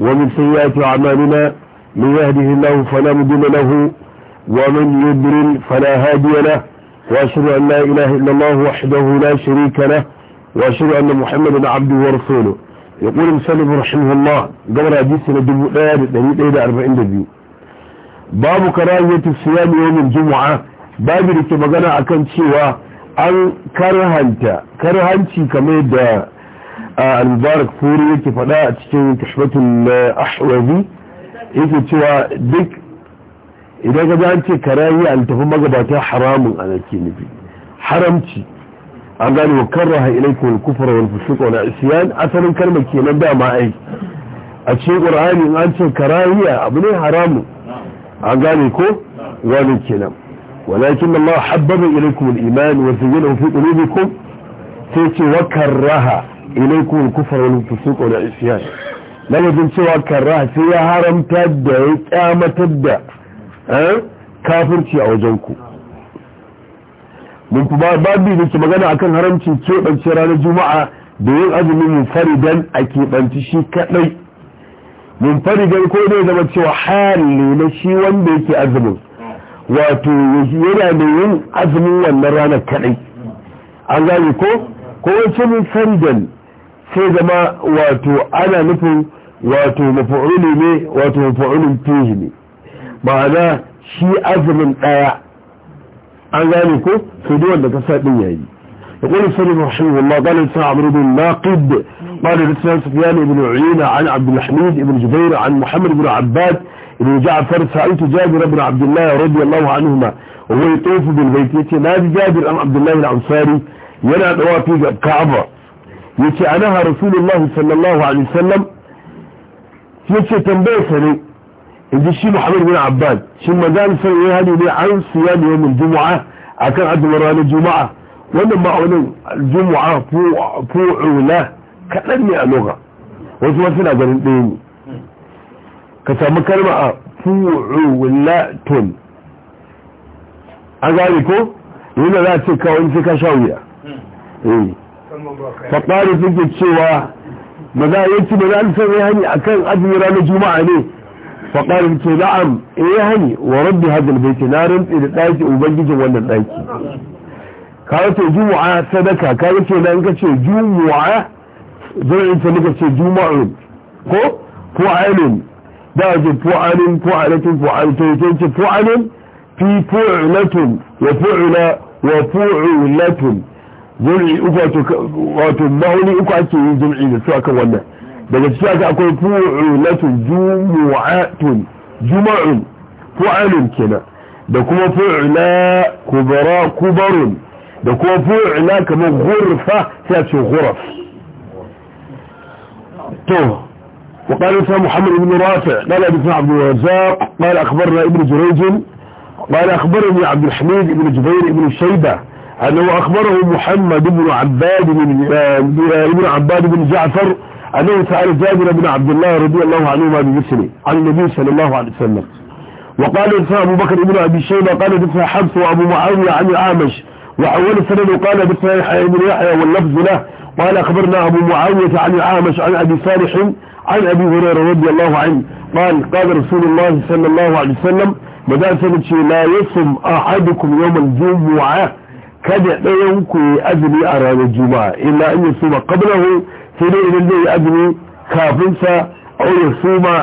ومن سيئات أعمالنا من يهده الله فلا مضل له ومن يضلل فلا هادي له وأشهد أن لا إله إلا الله وحده لا شريك له وأشهد أن محمدا عبده ورسوله يقول مسلم رحمه الله قبل حديثنا دبو دار دليل إلى أربعين دبيو باب كراهية الصيام يوم الجمعة باب لكي مغنى أكن شوى أن كرهنت كرهنتي كما al-mubarak furi yake faɗa a cikin kashfatul ahwazi yake cewa duk idan ka za ce karayi a littafin magabata haramun a nake nufi haramci an gane wa karraha ilaikum al-kufra wal fusuq wal isyan asalin kalmar kenan da ma ai a cikin qur'ani an ce karahiya abu ne haramun an gane ko wani kenan ولكن الله حبب إليكم الإيمان وزينه في قلوبكم تيتي وكرها ilaikum al wal fusuq wal isyan lalabin cewa karra sai ya haramta da ya kyamatar da kafirci a wajenku mun kuma da ke magana akan haramcin keɓance ranar juma'a da yin azumin munfaridan a keɓanci shi kaɗai munfaridan ko dai zama cewa hali na shi wanda yake azumin wato yana da yin azumin wannan ranar kaɗai an gane ko ko wace munfaridan sai zama wato ana nufin wato mafa'uli ne wato mafa'ulin fihi ne ma'ana shi azumin ɗaya an gane ko su wanda ka saɗin yayi يقول السلف رحمه الله قال لسان عمرو بن ناقد قال لسان سفيان بن عيينة عن عبد الحميد بن جبير عن محمد بن عباد بن جعفر سألت جابر بن عبد الله رضي الله عنهما وهو يطوف بالبيت يتي نادي جابر عن عبد الله العنصاري ينادوا في كعبه yace anaha rasulullah sallallahu alaihi wasallam yace tambayar sa ne inji shi Muhammad bin Abbas shi manzon sallallahu alaihi ne an siya ne yawmin jumu'a akan azumin ranar juma'a wannan ma'aunin juma'a fu'ula kaɗan ne a loga wasu wasu na ganin ɗaya ne ka samu kalma a fu'ula ton an gane ko yana za a ce kawai sai ka sha wuya hmm. eh. faɓari suke cewa ba za a yi ci ba za a san ya hani a kan azumi ranar juma'a ne faɓari ce na'am e ya hani wa rabbi hajjal bai ce na rantsi da ɗaki ubangijin wannan ɗaki kawo ce juma'a sadaka kawo ce na ka ce juma'a zai yi ta muka ce juma'a ko fu'alin da ce fu'alin ko fu'alatin ta ce fu'alin fi fu'alatin wa fu'ila wa fu'ilatun zuri uku wato ma'auni uku ake yin jum'i da su akan wannan daga ciki aka akwai fu'ulatun jumu'atun juma'un fu'alun kenan da kuma fu'ula kubara kubarun da kuma fu'ula kamar gurfa sai a ce guraf to وقال لسنا محمد بن رافع قال ابن عبد الرزاق قال اخبرنا ابن جريج قال اخبرني عبد الحميد بن جبير بن شيبه أنه أخبره محمد بن عباد بن, آه، بن عباد بن جعفر أنه سأل جابر بن عبد الله رضي الله عنهما بمثله عن النبي صلى الله عليه وسلم وقال دفع أبو بكر بن أبي شيبة قال دفع حمص وأبو معاوية عن الأعمش وأول سنة قال دفع يحيى بن يحيى واللفظ له قال أخبرنا أبو معاوية عن الأعمش عن أبي صالح عن أبي هريرة رضي الله عنه قال قال رسول الله صلى الله عليه وسلم بدأ سنة لا يصم أحدكم يوم الجمعة kada ɗayan ku yi azumi a ranar juma'a illa an yi suma qablahu sai dai idan zai yi azumi kafin sa aw ya suma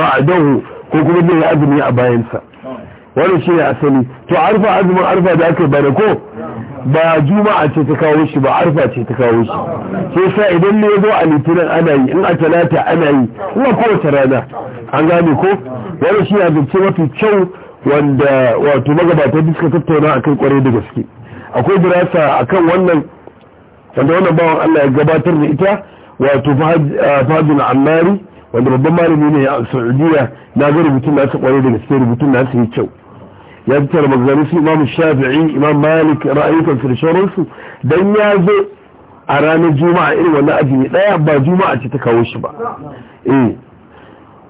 ba'dahu ko kuma zai yi azumi a bayan sa wannan shine asali to arfa azumin arfa da aka bada ko ba juma'a ce ta kawo shi ba arfa ce ta kawo shi sai sa idan ne zo a litinin ana yi in a talata ana yi kuma kowace rana an gane ko wannan shi ya zance mafi kyau wanda wato magabata suka tattauna akan kwarai da gaske akwai dirasa akan wannan wanda wannan bawan Allah ya gabatar da ita wato fahadun amari wanda babban malami ne a saudiya na ga rubutun su kware da gaske rubutun su yi kyau ya fitar da maganganu su imam shafi'i imam malik ra'ayukan su da sauransu dan ya zo a ranar juma'a irin wannan ajiye daya ba juma'a ce ta kawo shi ba eh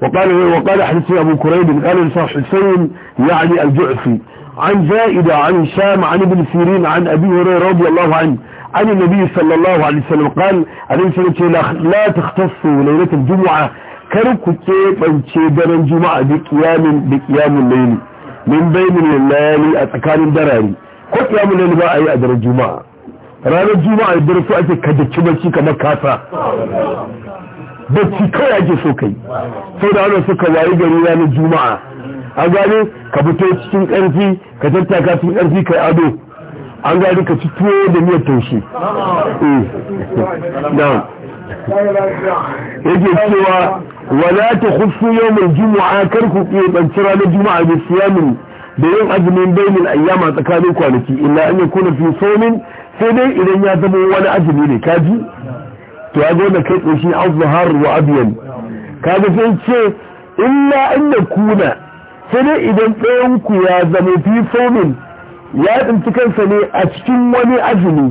وقال وقال حديث ابو كريب قال صاحب حسين يعني الجعفي عن زائدة عن هشام عن ابن سيرين عن ابي هريرة رضي الله عنه عن النبي صلى الله عليه وسلم قال عليه وسلم لا تختصوا ليلة الجمعة كركوا كيف انشي دار الجمعة بقيام, بقيام الليل من بين الليالي اتكان الدراري قيام الليل ما اي ادر الجمعة رانا الجمعة يدر فؤاتي كجتشمشي كمكافة بس كي اجي سوكي فرانا سوكا واي قريبا الجمعة اقالي ka fito cikin ƙarfi ka tattaka cikin ƙarfi ka ado an gari ka ci tuwo da miyar taushe eh. yake cewa wala ta hufu yau mai juma'a kar ku ɓanci ranar juma'a da siyamin da yin azumin bainin ayyama tsakanin kwanaki illa an yi kuna fi somin sai dai idan ya zama wani azumi ne kaji to ya zo da kai tsoshi azhar wa abiyan kaga sai ce illa an kuna sai dai idan ɗayanku ya zama fi somin ya tsinci kansa ne a cikin wani azumi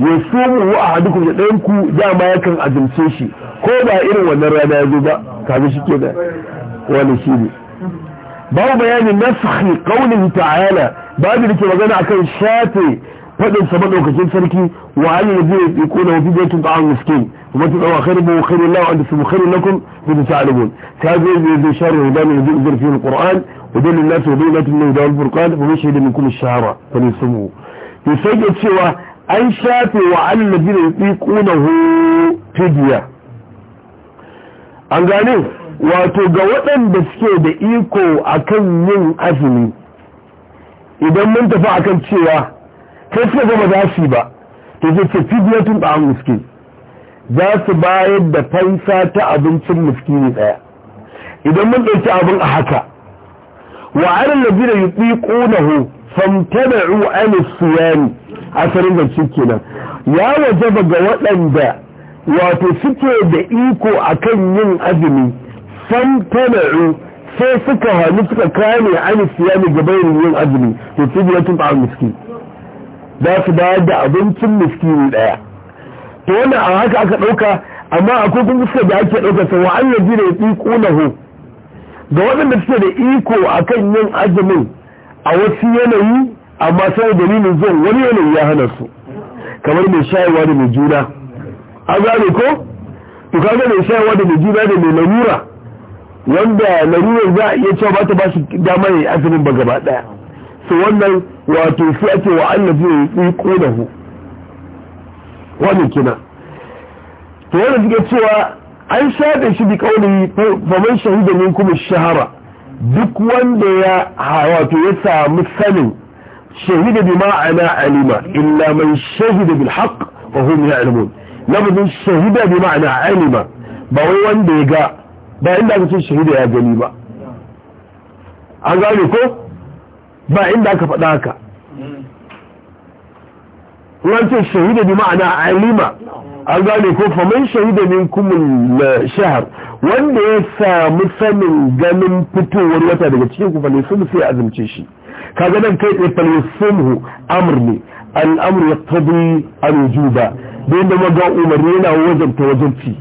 ya somu wa a hadukum da ɗayanku dama yakan azumce shi ko ba irin wannan rana ya zo ba kaga shi ke da wani shi ne babu bayanin nasahi kaunin ta'ala babu da ke magana akan shafe faɗin sa madaukakin sarki wa ayi zai yi kona wa bidiyar tun ta'an miskin kuma tun tsawa khairu mu khairu lawa an tafi khairu lakum bi ta ta'lamun ta zai zai zai share wa dami zai zai fi alquran wa dalil nas wa dalil nas da alquran wa mashi da min kulli shahara fa ne sumu to sai ya cewa an shafe wa alladina yutiqunahu fidiya an gane wato ga waɗanda suke da iko akan yin azumi idan mun tafi akan cewa sai suka gama za su ba to zai ce fidiyatun da an miskin za su bayar da fansa ta abincin miskini ɗaya idan mun ɗauki abin a haka wa arin labi da yuƙi ƙonahu famtana'u anis suyani a zance kenan ya wajaba ga waɗanda wato suke da iko akan yin azumi ru sai suka hannu suka kame anis suyani gabayin yin azumi to fidiyatun da an za su bayar da abincin miskini ɗaya to wannan a haka aka ɗauka amma akwai kuma suka da ake ɗauka wa wa'an da ya fi ho ga waɗanda suke da iko akan yin azumin a wasu yanayi amma sai dalilin zuwa wani yanayi ya hana su kamar mai shayarwa da mai juna an gane ko to kaga mai shayarwa da mai juna da mai larura wanda larurar za a iya cewa ba ta ba shi dama ya yi azumin ba gaba ɗaya su wannan wato shi ake wa Allah zai yi allazi hu wannan kina to wannan suke cewa an shaɗe shi bi kauli faman shahida min kuma shahara duk wanda ya wato ya samu sanin shahida bi ma'ana alima illa man shahida bil haqq wa hum ya'lamun lafazin shahida bi ma'ana alima ba wai wanda ya ga ba inda aka shahida ya gani ba an gane ko ba inda aka faɗa haka Wancan ce shahida bi ma'ana alima an gane ko da shahida min kumul shahar wanda ya sami sanin ganin fitowar wata daga cikin ku fale sun sai azumce shi kaga nan kai tsaye fale hu Amur ne ya tabi a al ba da yadda maga umarni yana wajen ta wajen ci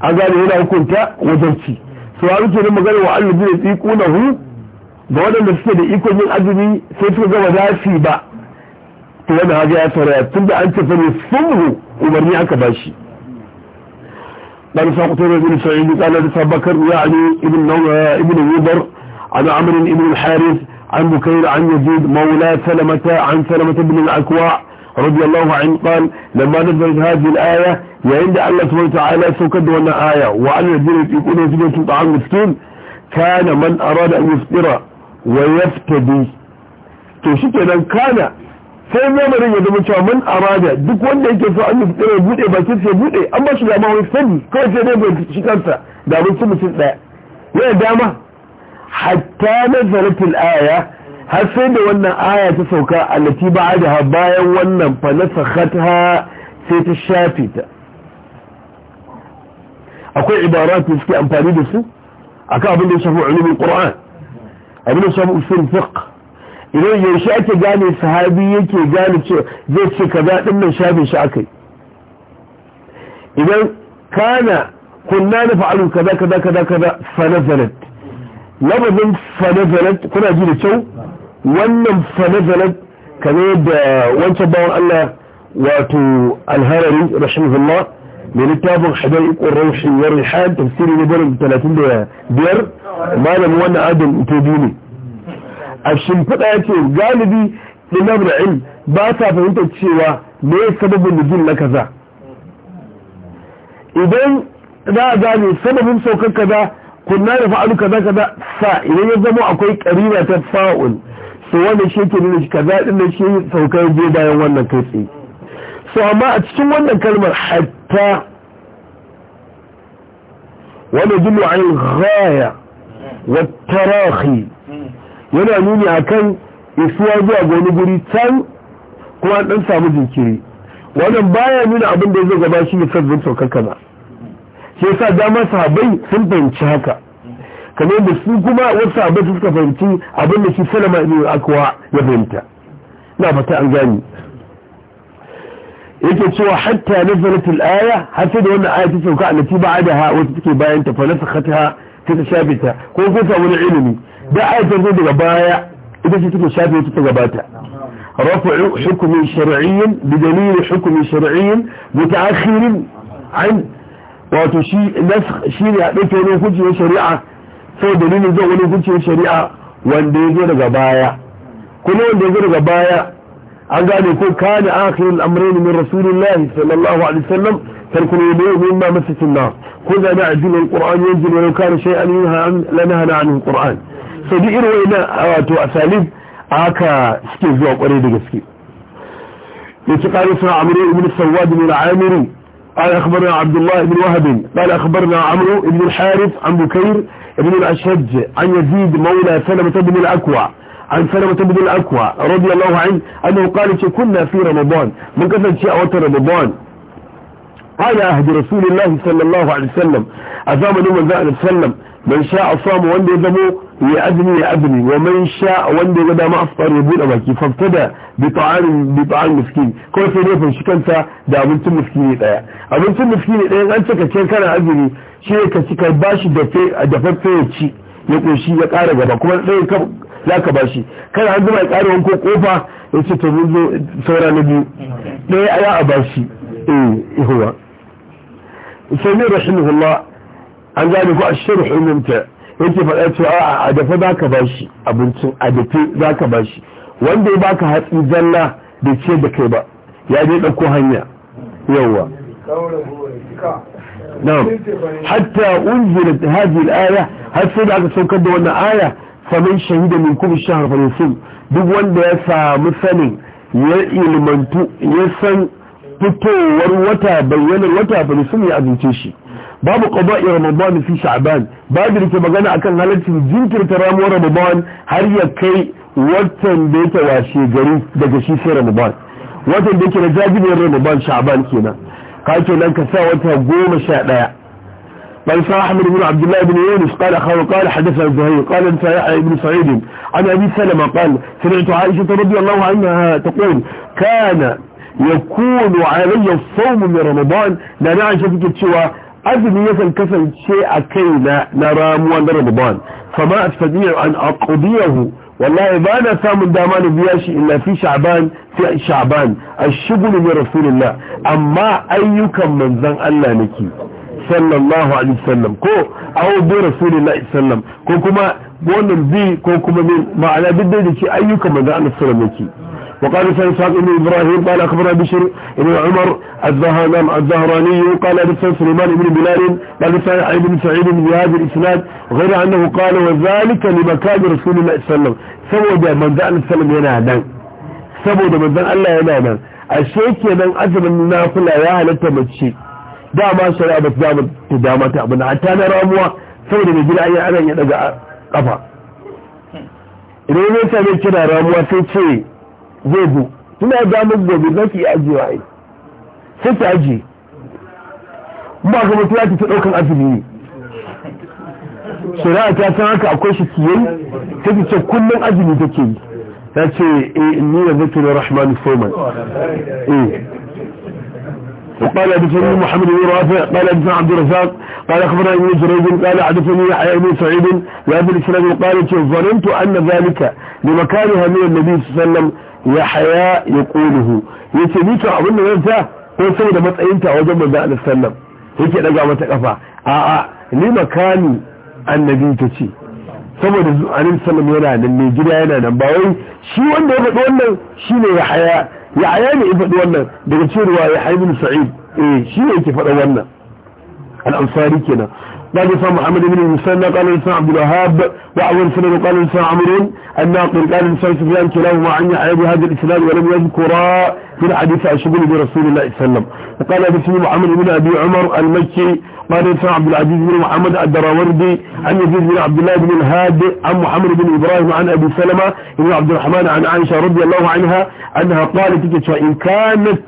an gane yana hukunta wajen ci so an ce magana wa na hu ga waɗanda suke da ikon yin azumi sai suka gama su ba to wani haka ya tara tun da an tafi ne sunru umarni aka ba shi dan sa kuto da ibn sa'id qala da sabakar yani ibn ya ibn wubar an amr ibn al-harith an bukair an yazid mawla salamata an salamata ibn al-akwa رضي الله عنه قال لما نزلت هذه الآية عند الله سبحانه وتعالى سوكد وانا آية وعلى الذين يقولون سبحانه طعام مسكين كان من أراد أن يفطر wa yaftadi to shi kenan kana sai mamarin ya zama cewa man arada duk wanda yake so an yi ya bude ya sai bude an ba shi dama wai sani kawai sai dai bai shi kansa da abinci mutum daya yana dama hatta zarafin aya har sai da wannan aya ta sauka allati da bayan wannan fa nasakhatha sai ta shafe ta akwai ibaratu suke amfani da su akan abin da ya shafi ulumin qur'an abin da shafi usul fiqh idan yaushe ake gane sahabi yake gane ce zai ce kaza din nan shafe shi akai idan kana kunna nafa'alu kaza kaza kaza kaza fa nazalat lafazin fa nazalat kuna ji da kyau wannan fa nazalat kamar yadda wancan bawan Allah wato alharari rahimahullah mai littafin hadar ikon raushin ya rihan tafsiri ne barin 35 malamin wannan adam ita biyu ne a shimfiɗa ya ce galibi ɗinar da ba sa fahimtar cewa me ya sababin nujin na kaza idan za a gane sababin saukar kaza kunna da fa'alu kaza kaza sa idan ya zama akwai ƙarina ta fa'u so wanda shi ke nuna kaza ɗin da shi saukar je bayan wannan kai tsaye so amma a cikin wannan kalmar hatta wanda yin an wa wattarahi yana nuni akan isuwa zuwa ga guri can kuma dan samu jinkiri wannan baya nuna abin da zai gaba shi ne sabbin saukar kaza shi yasa dama sahabai sun fahimci haka kamar da su kuma wasu su suka fahimci abin da shi salama ibn akwa ya fahimta na fata an gani yake cewa hatta nazalat al-aya har sai da wannan aya ta sauka allati ba'daha wata take bayan ta fa nasakhataha ta shafe ta ko ko ta wani ilimi da aya ta zo daga baya ita ce take shafe ta gabata رفع حكم شرعي بدليل حكم شرعي متأخر عن وتشي نسخ شيء حدث له حجه شريعه sai dalilin zai wani hukuncin shari'a wanda ya zo daga baya kuma wanda ya zo daga baya أقال يقول كان آخر الأمرين من رسول الله صلى الله عليه وسلم تركوا يبيعوا مما مست النار خذ أنا أعزل القرآن ينزل ولو كان شيئا ينهى عنه لنهنا عنه القرآن سبيئر وإن أساليب آكا سكيف جواب أريد جسكي يتقال اسمع عمرو بن السواد بن العامر قال أخبرنا عبد الله بن وهب قال أخبرنا عمرو بن الحارث عن بكير بن الاشج عن يزيد مولى سلمة بن الأكوى عن سلمة بن الأكوى رضي الله عنه أنه قال كنا في رمضان من كثر شيء أوتى رمضان قال أهد رسول الله صلى الله عليه وسلم أثام نوم ذا وسلم من شاء صام وانده يذمو يأذني يأذني ومن شاء وانده غدا ما أفطر يبون أباكي فابتدى بطعام بطعام مسكين كل في نيفن شكنتا دا أبنت مسكيني تايا أبنت مسكيني تايا أنت كتير كان أذني شيء كتير باشي دفاق فيه شيء ya ƙunshi ya ƙara gaba kuma ɗaya za ka bashi kada an zama ƙari wanko kofa ya ce to zo saura na biyu ɗaya a ya a bashi eh ihuwa sai ne hula an gane ko a hulunta ya yake faɗa cewa a dafa za ka bashi abincin a dafe za ka bashi wanda ya baka hatsi zalla da ce da kai ba ya je ɗauko hanya yawwa نعم حتى أنزلت هذه الآية هل سيد عدد سوكد وانا آية famin shahida min kuma shahar falisun duk wanda ya samu sanin ya ilmantu ya san fitowar wata bayyanar wata falisun ya azince shi babu qada'i ramadan fi sha'ban babu rike magana akan halaccin jinkirta ramuwar ramadan har ya kai watan da yake washe gari daga shi sai ramadan watan da yake na jajibin ramadan sha'ban kenan ka kenan ka sa wata goma sha ɗaya قال أحمد بن عبد الله بن يونس قال أخاه قال حدث الزهير قال أنت يحيى بن سعيد عن أبي سلمة قال سمعت عائشة رضي الله عنها تقول كان يكون علي الصوم من رمضان لأن عائشة تكت شوى أذن يسأل كسل شيء لا نرام وان رمضان فما أستطيع أن أقضيه والله ما أنا سام دامان بياشي إلا في شعبان في شعبان الشغل من رسول الله أما أيكم من ذن الله نكي sallallahu alaihi wasallam ko awo bi rasulullahi sallam ko kuma wannan bi ko kuma min ma'ana duk da yake ayyukan manzo Allah sallallahu alaihi وقال سنساق ابن إبراهيم قال أخبرنا بشر ابن عمر الزهراني قال أبسان سليمان ابن بلال قال أبسان ابن سعيد بن هذا الإسناد غير أنه قال وذلك لمكان رسول الله صلى الله عليه وسلم سبب من ذا الله سلم ينادان سبب من ذا الله ينادان الشيء كان أزمن نافلة يا هلتا متشيك dama shari'a ba ta ta dama ta abu hatta na ramuwa saboda mai gida ya aran ya daga kafa idan ya same kira ramuwa sai ce zai bu tuna damar gobe za ki ajiye wa ai sai ki ajiye ba ga mutum ya ta ɗaukan azumi ne shari'a ta san haka akwai shi yi ta ki ce kullum azumi take yi ta ce eh, ni da zai rahmanu soman eh. قال حدثني محمد بن رافع قال حدثنا عبد الرزاق قال اخبرنا ابن جريج قال حدثني يحيى بن سعيد وابي الاسلام قال ظننت ان ذلك لمكانها من النبي صلى الله عليه وسلم يحيى يقوله yace ni to abin da zan ta ko saboda matsayinta a wajen manzo Allah sallam yake daga mata kafa a'a ni makani annabi ta ce saboda annabi sallam yana nan ne gida yana nan ba wai shi wanda ya faɗi wannan shine Yahaya ya aya ne ya faɗi wannan daga cewa ya haibin sa'id eh shi ne yake faɗa wannan al'amsari kenan قال لسان محمد بن المسنى قال لسان عبد الوهاب وعون سنن قال لسان عمرو الناقل قال لسان سفيان كلاهما عن يحيى هذا الاسلام ولم يذكرا في الحديث عن برسول الله صلى الله عليه وسلم وقال لسان محمد بن ابي عمر المكي قال لسان عبد العزيز بن محمد الدراوردي عن يزيد بن عبد الله بن الهاد عن محمد بن ابراهيم عن ابي سلمه بن عبد الرحمن عن عائشه رضي الله عنها انها قالت ان كانت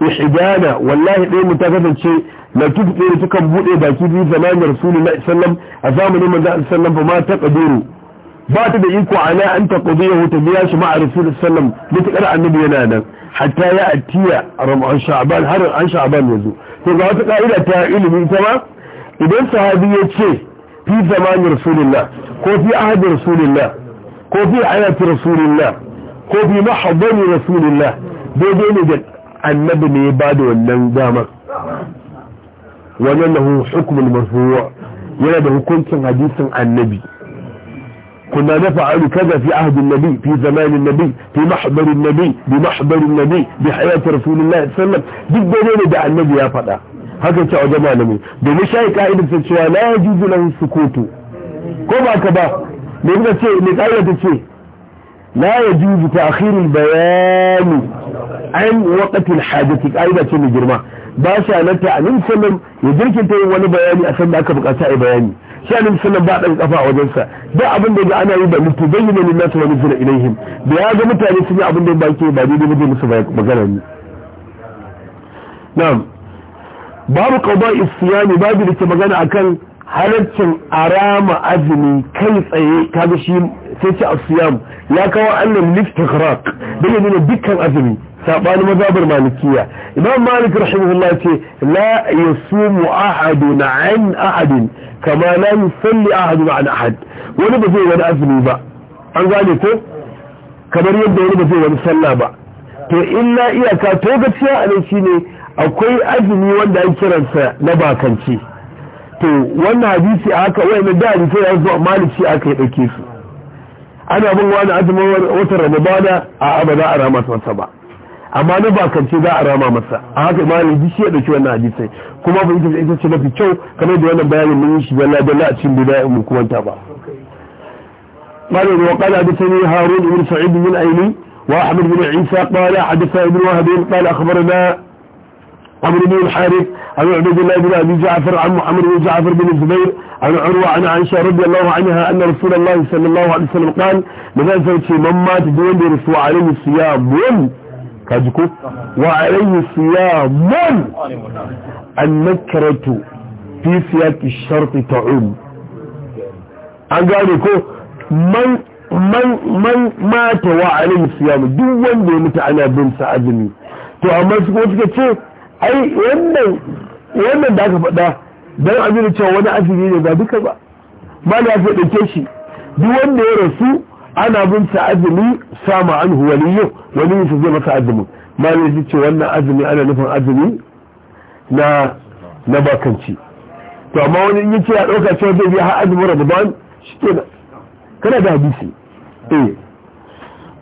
ihidana wallahi ɗaya mu ta kasance na tuku tsere tukan bude baki biyu zamanin rasulullahi sallam a zamanin manzo sallam ba ta kaduru ba ta da iko ala an ta qadiyahu ta biya shi ma'a rasulullahi sallam mutakar annabi yana nan hatta ya atiya ramadan sha'ban har an sha'ban yazo to ga wata ka'ida ta ilimi ita ma idan sahabi ya ce fi zamanin rasulullah ko fi ahadi rasulullah ko fi ayati rasulullah ko fi mahdani rasulullah daidai ne da annabi ne ya ba da wannan damar wannan lahu hukumul marfuwa yana da hukuncin hadisin annabi kuna na fa'alu kaza fi ahdin nabi fi zamanin nabi fi mahdarin nabi bi mahdarin nabi bi hayatir rasulullah duk dai ne da annabi ya faɗa haka ce a jama'a namu da ni shayi ka'idin sun cewa na yaji gulan sukutu ko ba ka ba ne ina ce ne ka'idin ta ce na yaji ta bayani an waqatil hajati kaida ce mai girma ba shi halatta a nan sallam ya jirkinta yin wani bayani a san da aka bukata a bayani shi a nan sallam ba ɗan kafa a wajensa da abin da ga ana yi da mutu zai yi ne na ta wani zira ilaihim da ya ga mutane sun yi abin da ba ke ba daidai ba musu magana ne na'am babu qada isiyani babu da ke magana akan halaccin arama azumi kai tsaye kaga shi sai ce asiyam ya kawo annan liftikhraq da ya nuna dukkan azumi sabani mazhabar malikiya imam malik rahimahullah ce la yasumu ahadun an ahadin kama la yusalli ahadun an ahad wani ba zai wani azumi ba an gane ko kamar yadda wani ba zai wani sallah ba to illa iyaka to gaciya a nan shine akwai azumi wanda an kiransa na bakanci to wannan hadisi a haka wai na da hadisai ya zo malik shi aka yi dauke su ana bin wani azumin watan ramadana a ba a rama masa ba amma na bakance za a rama masa a haka imanin duk shi ya dauki wannan hadisai kuma ba ita ita ce mafi kyau kamar da wannan bayanin mun yi shi balla balla a cikin bidaya mu kumanta ba قال وقال حدثني هارون بن سعيد بن ايلي واحمد بن عيسى قال حدثنا ابن وهب قال اخبرنا عمرو بن الحارث عن عبد الله بن أبي جعفر عن محمد بن جعفر بن الزبير عن عروة عن عائشة رضي الله عنها أن رسول الله صلى الله عليه وسلم قال لذلك فلتي من مات دون برسوة عليه الصيام كاجكو وعليه الصيام النكرة في سياق الشرط تعم an gane ko man mata wa alim siyam duk wanda ya mutu ana bin sa azumi to amma su kuma suka ce ai wannan wannan da aka faɗa don aminu cewa wani azumi ne ba duka ba ba ya fi ɗauke shi duk wanda ya rasu ana bin sa azumi sama an yau, wani su zai masa azumi ma ne ce wannan azumi ana nufin azumi na na bakanci to amma wani in yace ya ɗauka cewa zai biya har azumin ramadan shi ke kana da hadisi eh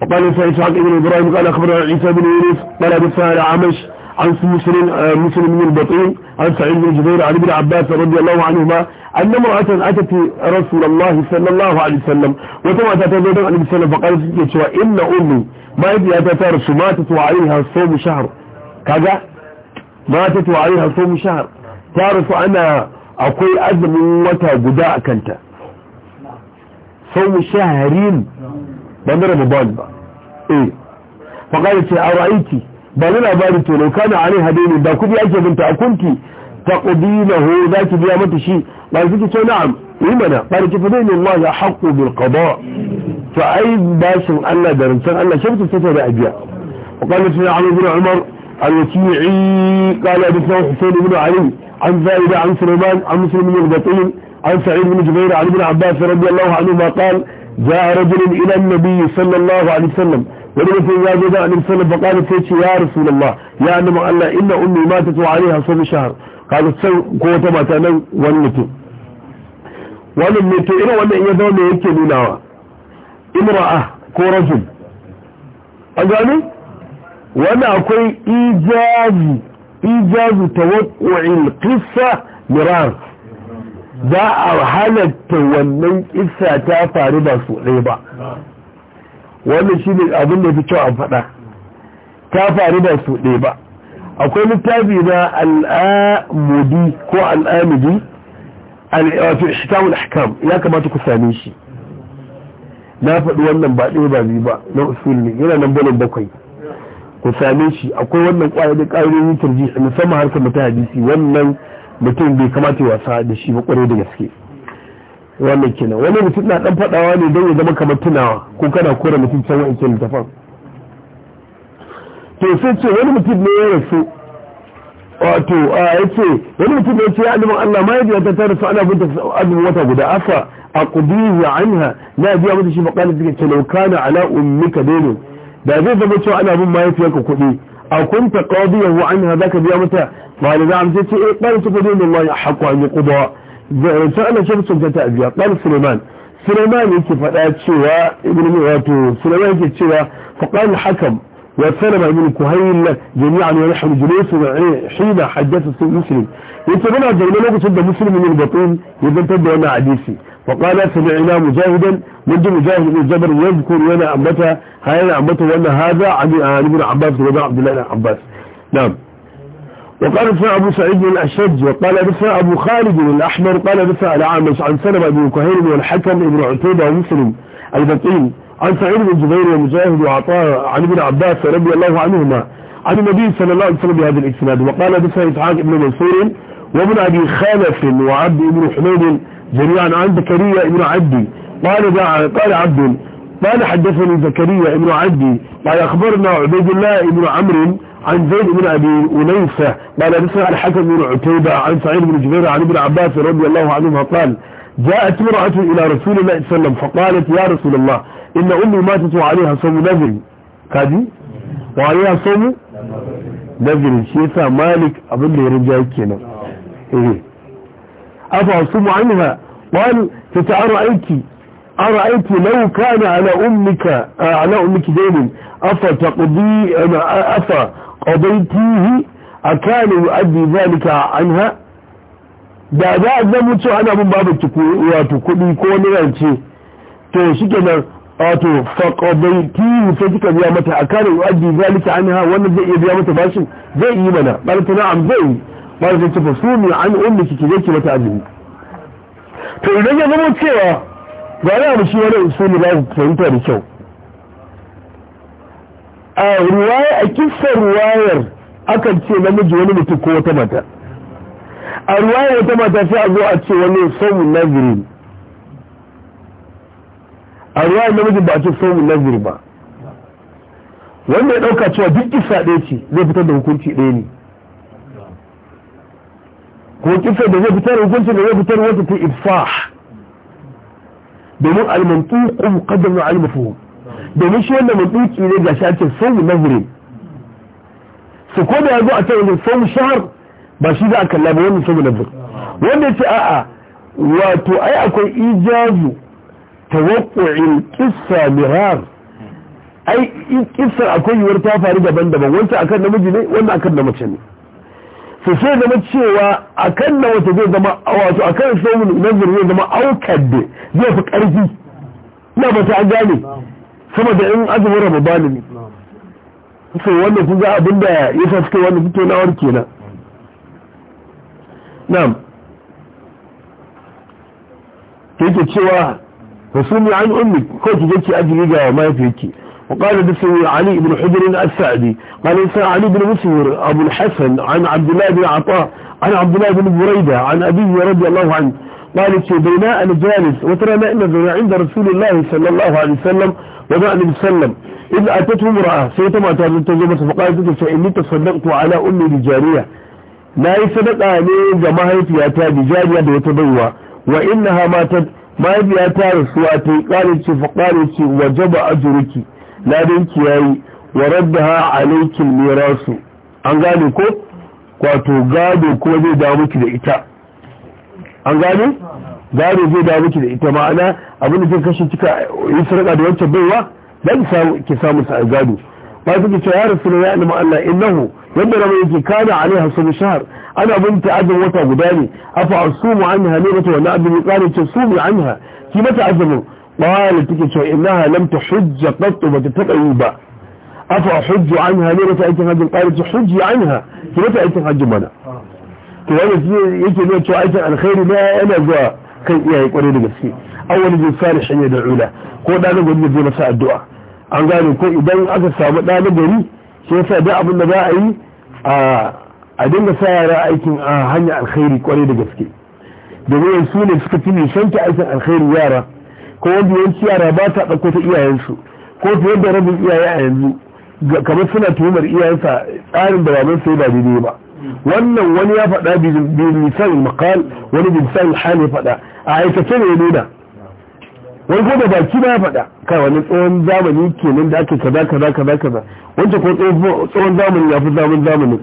وقال سعيد سعد بن ابراهيم قال اخبرنا عيسى بن يونس قال ابو سهل عمش عن مسلم آه، مسلم بن البطين عن سعيد بن جبير عن ابن عباس رضي الله عنهما أن امرأة أتت رسول الله صلى الله عليه وسلم وتم أتت النبي عليه وسلم فقالت إن أمي ما يدي أتت رسول ماتت وعليها صوم شهر كذا ماتت وعليها صوم شهر تعرف أنا أقول أزم متى قداء كنت صوم شهرين بمر رمضان إيه فقالت أرأيتي ba ni labari to ne kana alai hadaini da kudi ake binta a kunki ta kudi na ho za ki biya mata shi ba su ki ce na'am yi mana ba da ki fa zai nemi ya haƙo bil qada to ai bashin Allah da rantsan Allah shi ta sata da abiya wa qala tuna ali ibn umar al-wasi'i qala bi sa husayn ibn ali an zaida an sulaiman an muslim ibn al-batin an sa'id ibn jubair ali ibn abbas radiyallahu anhu ma qala جاء رجل إلى النبي صلى الله عليه وسلم wani mutum ya zo da annabi sallallahu alaihi wasallam ya ce ya rasulullah ya annabi Allah inna ummi matat wa alaiha sawm shahr kaga san ko wata mata nan wani mutum wani mutum irin wanda ya zo me yake nunawa imra'a ko rajul a gani wani akwai ijazi ijazi tawattu'il qissa mirar za a halatta wannan kissa ta faru ba su ɗaya ba wannan shi ne abin da ya fi kyau an faɗa ta faru da su ɗaya ba akwai littafi na al'amudi ko al'amudi wato ishtamul ahkam ya kamata ku same shi na faɗi wannan ba ɗaya ba biyu ba na usul ne yana nan bolin bakwai ku same shi akwai wannan ƙwayar da ƙayoyin a musamman harkar mutum hadisi wannan mutum bai kamata wasa da shi ba ƙwarai da gaske wannan kenan wani mutum na dan fadawa ne don ya zama kamar tunawa ko kana kora mutum can wa'ancan littafan to sai ce wani mutum ne ya rasu wato a ya wani mutum ya ce ya alimin Allah ma yadda ta tare su ana binta azumin wata guda aka a kudihi anha na biya mata shi makalin suka ce laukana ala ummika dole da zai zama cewa ana bin mahaifiyarka kuɗi a kunta qadiyan wa anha zaka biya mata malama amsa ce eh ɗan su kudin Allah ya haƙwa ni qudawa zancen ana shi cancanta a biya ƙwal suleiman suleiman yake faɗa cewa ibn wato suleiman yake cewa hakam وسلم ابن كهيل جميعا ونحن جلوس حين حدث مسلم يتبنى جميعا لو مسلم من البطون يبدأ تبدأ أنا عديسي وقال سمعنا مجاهدا منذ مجاهد بن الجبر يذكر وانا أمته هاي أمته وأن هذا عن ابن عباس وابن عبد الله بن عباس نعم وقال رفع أبو سعيد بن الأشج وقال رفع أبو خالد الأحمر قال رفع العامش عن سلمة بن كهيل والحكم بن عتيبة ومسلم البطين عن سعيد بن الزبير ومجاهد وعطاء عن ابن عباس رضي الله عنهما عن النبي صلى الله عليه وسلم بهذا الاسناد وقال رفع إسحاق بن منصور وابن أبي خالف وعبد بن حميد جميعا عن زكريا بن عبدي قال قال عبد قال حدثني زكريا بن عبدي قال أخبرنا عبيد الله بن عمرو عن زيد بن أبي أنيسة قال حدثنا الحكم بن عتيبة عن سعيد بن جبير عن ابن عباس رضي الله عنهما قال جاءت امرأة إلى رسول الله صلى الله عليه وسلم فقالت يا رسول الله إن أمي ماتت وعليها صوم نذر كادي وعليها صوم نذر شيخ مالك أظن يرجعك كنا إيه أفعصم عنها قال فتعرأيك أرأيت لو كان على أمك آه، على أمك دين أفتقضي آه، أفا qadaytihi akan yu'addi zalika anha da za a zama cewa ana bin babu wato kuɗi ko wani rance to shi kenan wato faƙabaiti sai kika biya mata a kare yu'addi zalika anha wannan zai iya biya mata bashin zai yi mana ɓarfi na'am zai yi ɓarfi ta fasumi an ummi kike zai ki mata azumi to idan ya zama cewa ga wani abu shi wani usuli ba su fahimta da kyau a ruwaya a kissa ruwayar akan ce namiji wani mutum ko wata mata a ruwayar wata mata sai a zo a ce wani saumun naziri a ruwayar namiji ba a ce saumun naziri ba wanda ya ɗauka cewa duk kissa ɗaya ce zai fitar da hukunci ɗaya ne ko kissa da zai fitar hukunci da zai fitar wata ta ifa domin almantu kuma kaddamar al-mafhum domin shi wanda mai duki ne ga shi ake sau hure su ko da ya zo a can wajen sau shahar ba shi za a kalla ba wani sau hure wanda ce a'a wato ai akwai ijazu tawakku'in kissa mirar ai kissar akwai yiwuwar ta faru daban-daban wancan akan namiji ne wannan akan na mace ne su sai zama cewa akan na wata zai zama wato akan sau na zai zama da zai fi ƙarfi. na ba ta gane saboda in azumin ramadana ne so wannan kun ga abin da ya sa suka na warke na nam ta yake cewa rasuli an ummi ko ki je ki ajiri ga mahaifiyarki وقال دسوي علي بن حجر السعدي قال إنسان علي بن مسور أبو الحسن عن عبد الله بن عطاء عن عبد الله بن بريدة عن أبيه رضي الله عنه قال بيناء الجالس وترى ما نأنا عند رسول الله صلى الله عليه وسلم wajen annabi sallam a ta tumura sai ta mata ta zo masa faqala ta ce inni tasaddaqtu ala ummi rijariya nayi sadaka ne ga mahaifiyata bijariya da wata baiwa wa innaha matat mahaifiyata rasuwa ta yi ƙarin ce faƙarin ce wajaba ajruki ladan kiyayi wa raddaha alaykin mirasu an gane ko wato gado kuma zai dawo miki da ita an gane gado zai da miki da ita ma'ana abin da kake shi kika yi sarƙa da wancan baiwa dan samu ki samu sa gado ba su ki cewa rasulun ya ilmi Allah innahu yadda rama yake kana alaiha sabu shahar ana binta ajin wata guda ne afa asumu anha ne mata wannan abin tsari ce sumu anha ki mata azumin qala take cewa innaha lam tahujja qattu bata taqayi ba afa hujju anha ne mata aikin hajjin qala tahujji anha ki mata aikin hajjin mana to wannan yake ne cewa aikin alkhairi ne yana zuwa kan iyaye kware da gaske awwal jin salihin ya ula ko da na gari zai masa addu'a an gane ko idan aka samu da na gari sai yasa da abin da za a yi a dinga sa yara aikin a hanya alkhairi kware da gaske domin su ne suka fi ta aikin alkhairi yara ko wanda yanci yara ba ta ɗauko ta iyayensu ko fiye da rabin iyaye a yanzu kamar suna tuhumar iyayensa tsarin da ba sai ba daidai ba wannan wani ya faɗa bin lisan maqal wani bin lisan hal ya faɗa a aikace ne nuna wani ko da baki na ya faɗa kai wani tsohon zamani kenan da ake kaza kaza kaza kaza wancan ko tsohon zamani ya fi zaman zamani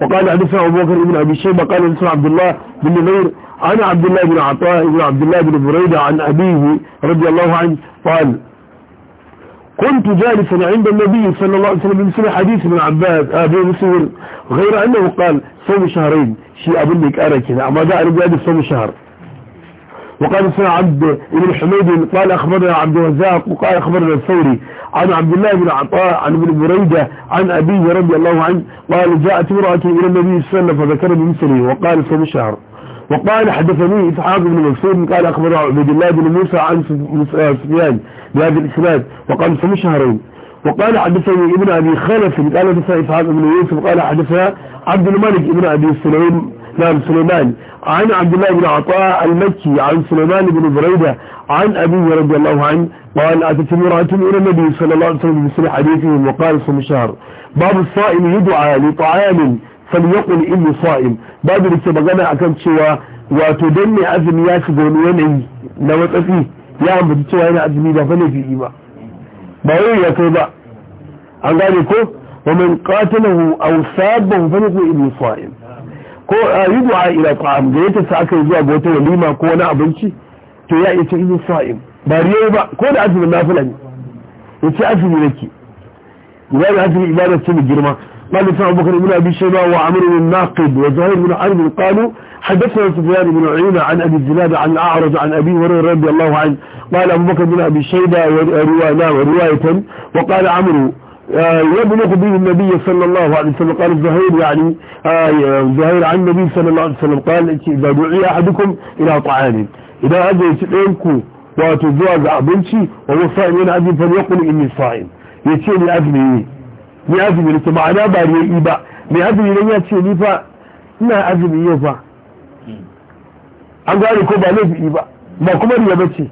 وقال حدثنا أبو بكر بن أبي شيبة قال حدثنا عبد الله بن نمير عن عبد الله بن عطاء بن عبد الله بن بريدة عن أبيه رضي الله عنه قال كنت جالسا عند النبي صلى الله عليه وسلم بمسلم حديث ابن عباس أبي مسور غير أنه قال صوم شهرين شيء أقول لك أنا كذا أما داعي بأدي صوم شهر وقال سنة عبد ابن حميد قال أخبرنا عبد الرزاق وقال أخبرنا الثوري عن عبد الله بن عطاء عن ابن بريدة عن أبيه رضي الله عنه قال جاءت امرأة إلى النبي صلى الله عليه وسلم فذكر بمسلم وقال صوم شهر وقال حدثني إسحاق بن منصور قال أخبر عبد الله بن موسى عن سفيان بهذا الإسناد وقال سمي شهرين وقال حدثني ابن أبي خلف قال حدثنا إسحاق بن يوسف قال حدثنا عبد الملك ابن أبي سليم نعم سليمان عن عبد الله بن عطاء المكي عن سليمان بن بريدة عن أبيه رضي الله عنه قال أتت امرأة إلى النبي صلى الله عليه وسلم بسر حديثهم وقال صم شهر باب الصائم يدعى لطعام فليقل إني صائم babu da ke magana akan cewa wato don mai azumi ya shiga wani yanayi na matsatsi ya ambaci cewa yana azumi ba fa laifi ba ba yau ya kai ba an gane ko wa man qatalahu aw sabahu fa yakun ibn sa'im ko yi ila ta'am da yata sa aka yi zuwa ga wata walima ko wani abinci to ya yace ibn sa'im ba riyo ba ko da na nafila ne yace azumi nake yi azumi ibada ce mai girma قال نفع بكر بن أبي شيبة وعمر بن ناقد وزهير بن عرب قالوا حدثنا سفيان بن عيينة عن أبي الزناد عن الأعرج عن أبي هريرة رضي الله عنه قال أبو بكر بن أبي شيبة نعم، رواية وقال عمرو آه، يبلغ به النبي صلى الله عليه وسلم قال الزهير يعني آه، زهير عن النبي صلى الله عليه وسلم قال إذا دعي أحدكم إلى طعام إذا أجلت إنكو وتزواج أبنتي وهو صائم أنا أبي فليقل إني صائم يتيني أبني mai azumi nake ma'ana ba yi ba mai azumi ne ya ce ni fa ina azumi yau fa an gane ko ba laifi ba ba kuma riya ba ce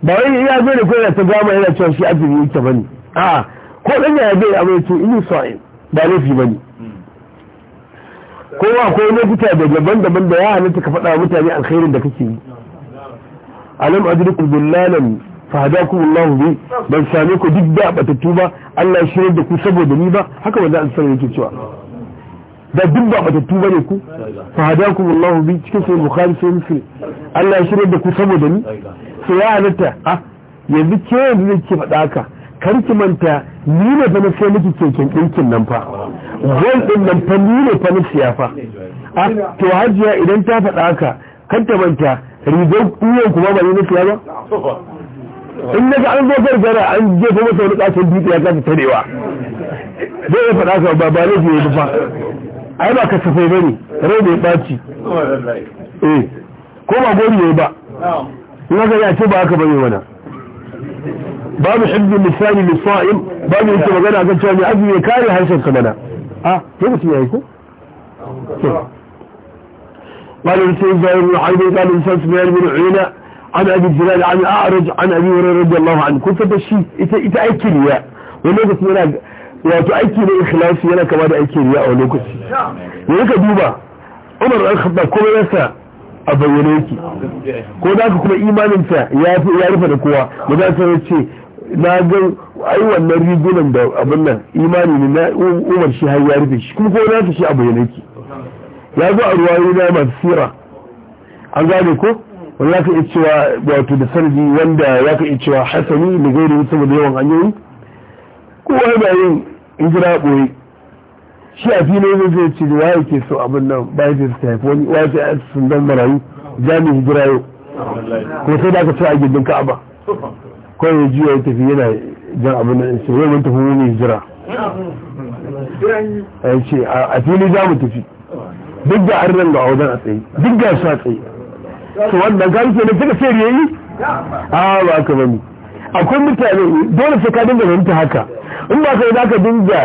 ba wai ya zo da kawai ta gama yana cewa shi azumi yake bane a ko dan ya zai amma yace ini sa'in ba laifi bane kowa akwai lokuta da daban-daban da ya halatta ka faɗa mutane alkhairin da kake yi alam ajriku dullalan ku Allah bi ban same ku duk da batattu ba Allah ya shirye da ku saboda ni ba haka wanda an sanar yake cewa da duk ba batattu bane ku fahadakum Allah bi cikin sai bukhari sai muslim Allah ya shirye da ku saboda ni sai ya halatta ah yanzu ke yanzu zai ke faɗa haka kar ki manta ni ne fa sai miki keken dinkin nan fa gon ɗin nan fa ni ne fa na siya fa a to hajiya idan ta faɗa haka kar ta manta rigar ɗiyan kuma ba ni na siya ba in na ga an zo gargara an jefa masa wani kasar dutse ya kasa tarewa zai ya faɗa ka ba ba ne ke ba ai ba ka safai ba ne rai mai baci eh, ko ba gori ne ba in ga ya ce ba haka bane mana mu hibbin misali ba mu yake magana kan cewa mai azumi ya kare harshen ka mana a ke mutum ya yi ko قال الانسان زائر بن حرب قال الانسان سفيان بن عيينه an abi jiral an a'raj an abi hurairah radiyallahu anhu kun san shi ita ita aiki riya wani lokaci yana wato aiki ne yana kama da aiki riya a wani lokaci ne ka duba Umar dan Khattab kuma yasa a bayyane ko da kuma imaninsa ya rufe da kowa da za ta ce na ga ai wannan rigunan da abin nan imani ne na umar shi har ya rufe shi kuma shi a bayyane ya zo a ruwayoyi na masu sira an gane ko wanda ka iya cewa wato da sanadi wanda ya ka iya cewa hasani da gairi saboda yawan hanyoyi ko wani ba yin in jira ɓoye shi a fili zai zai ce da waye ke so abin nan bai da suka haifi wani waye ke aiki sun dan marayu jami hijira yau ko sai da aka ce a gindin ka'aba ko ya ji ya tafi yana jan abin nan ce yau mun tafi mu hijira a ce a fili za mu tafi duk da an ranga a wajen a tsaye duk da su a tsaye to wannan ka ke ne suka ce yayi a ah, ba ka bani akwai mutane dole sai ka dinga fahimta haka in ba ka kai zaka dinga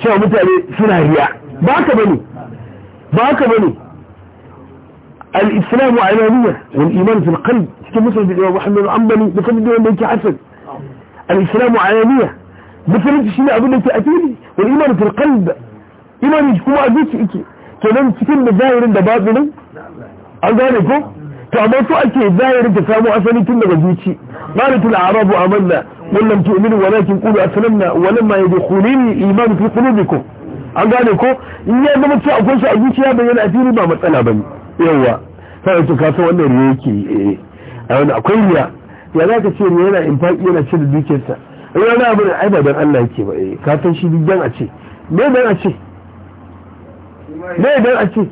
cewa mutane suna riya ba ka bani ba ka bani al-islam wa alaniyya wal iman fil qalb cikin musulmi da Muhammad Ambani da kuma da wanda yake hasan al-islam wa alaniyya musulunci shine abin da yake a fili wal iman fil qalb imani kuma a zuci yake kenan cikin da zahirin da batinin an gane ko to amma su ake zahiri ta samu asali tun daga zuci qalatul arabu amanna qul lam tu'minu walakin qulu aslamna walamma yadkhulini iman fi qulubikum an gane ko in ya zama cewa akwai shi a zuciya bayyana a fili ba matsala bane yawa sai to ka san wannan riya yake eh, a wani akwai riya ya za ka ce riya yana infaki yana cin dukiyarsa riya na abin ai ba dan Allah yake ba eh ka san shi dan a ce me dan a ce me dan a ce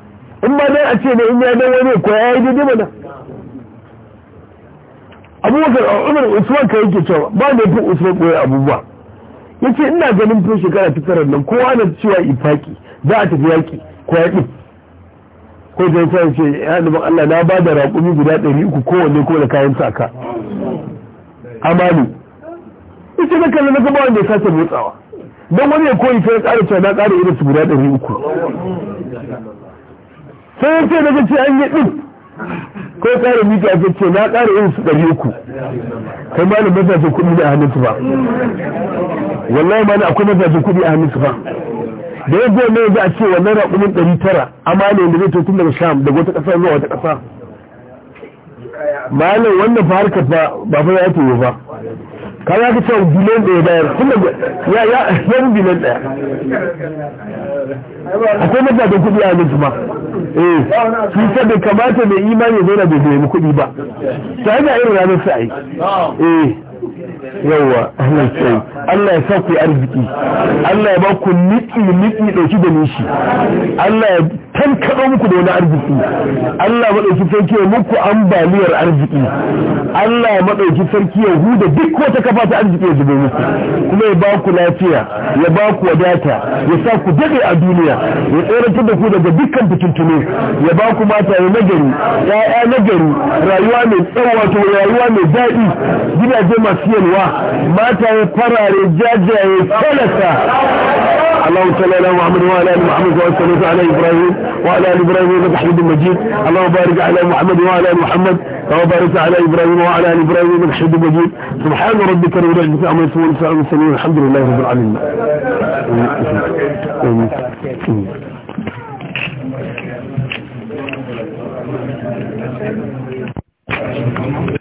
in ba dan a ce ne in ya dan wani ko ya yi daidai ba abubakar a umar usman ka yake cewa ba da fi usman koyi abubuwa ya ce ina ganin fi shekara ta tara nan kowa na cewa ifaki za a tafi yaƙi ko yaƙi ko da ya ce ya nufin allah na ba da raƙumi guda ɗari uku kowanne ko da kayan saka amani ya ce na kalli na gaba wanda ya sace motsawa don wani ya koyi ta ya ƙara cewa na ƙara irin su guda ɗari uku sai ya ce daga ce an yi ɗin ko kare mita ake ce na kare irin su ɗari uku kai ma da mafafin kuɗi da hannun su ba wallahi ma akwai mafafin kuɗi a hannun su ba da yadda ne za a ce wannan raƙumin ɗari tara ne da zai tun daga sham daga wata ƙasa zuwa wata ƙasa malam wannan fa harkar ba ba fa za ta yi ba ka za ka cewa biliyan ɗaya bayar tun ya ya ya bi biliyan ɗaya akwai matakan kuɗi a yanzu ma eh shi sa bai kamata mai imani zai na bai kuɗi ba ta hanyar irin ranar sa'ai eh yawwa ahlan sai Allah ya sa arziki Allah ya ba ku niki niki dauki da nishi Allah ya tankado muku da wani arziki Allah madauki sarki ya muku ambaliyar arziki Allah ya madauki sarki ya huda duk wata kafa ta arziki ya zubo muku kuma ya ba ku lafiya ya ba ku wadata ya sa ku dade a duniya ya tsoratar da ku daga dukkan fitintunu ya ba ku mata ya nagari ya'ya nagari rayuwa mai tsawo wato rayuwa mai daɗi gidaje masu yalwa mata ya farare jajaye talata اللهم صل على محمد وعلى ال محمد وصلى على ابراهيم وعلى ال ابراهيم انك حميد مجيد اللهم بارك على محمد وعلى ال محمد وبارك على ابراهيم وعلى ال ابراهيم انك حميد مجيد سبحان ربك رب العزه عما يصفون وسلام المرسلين الحمد لله رب العالمين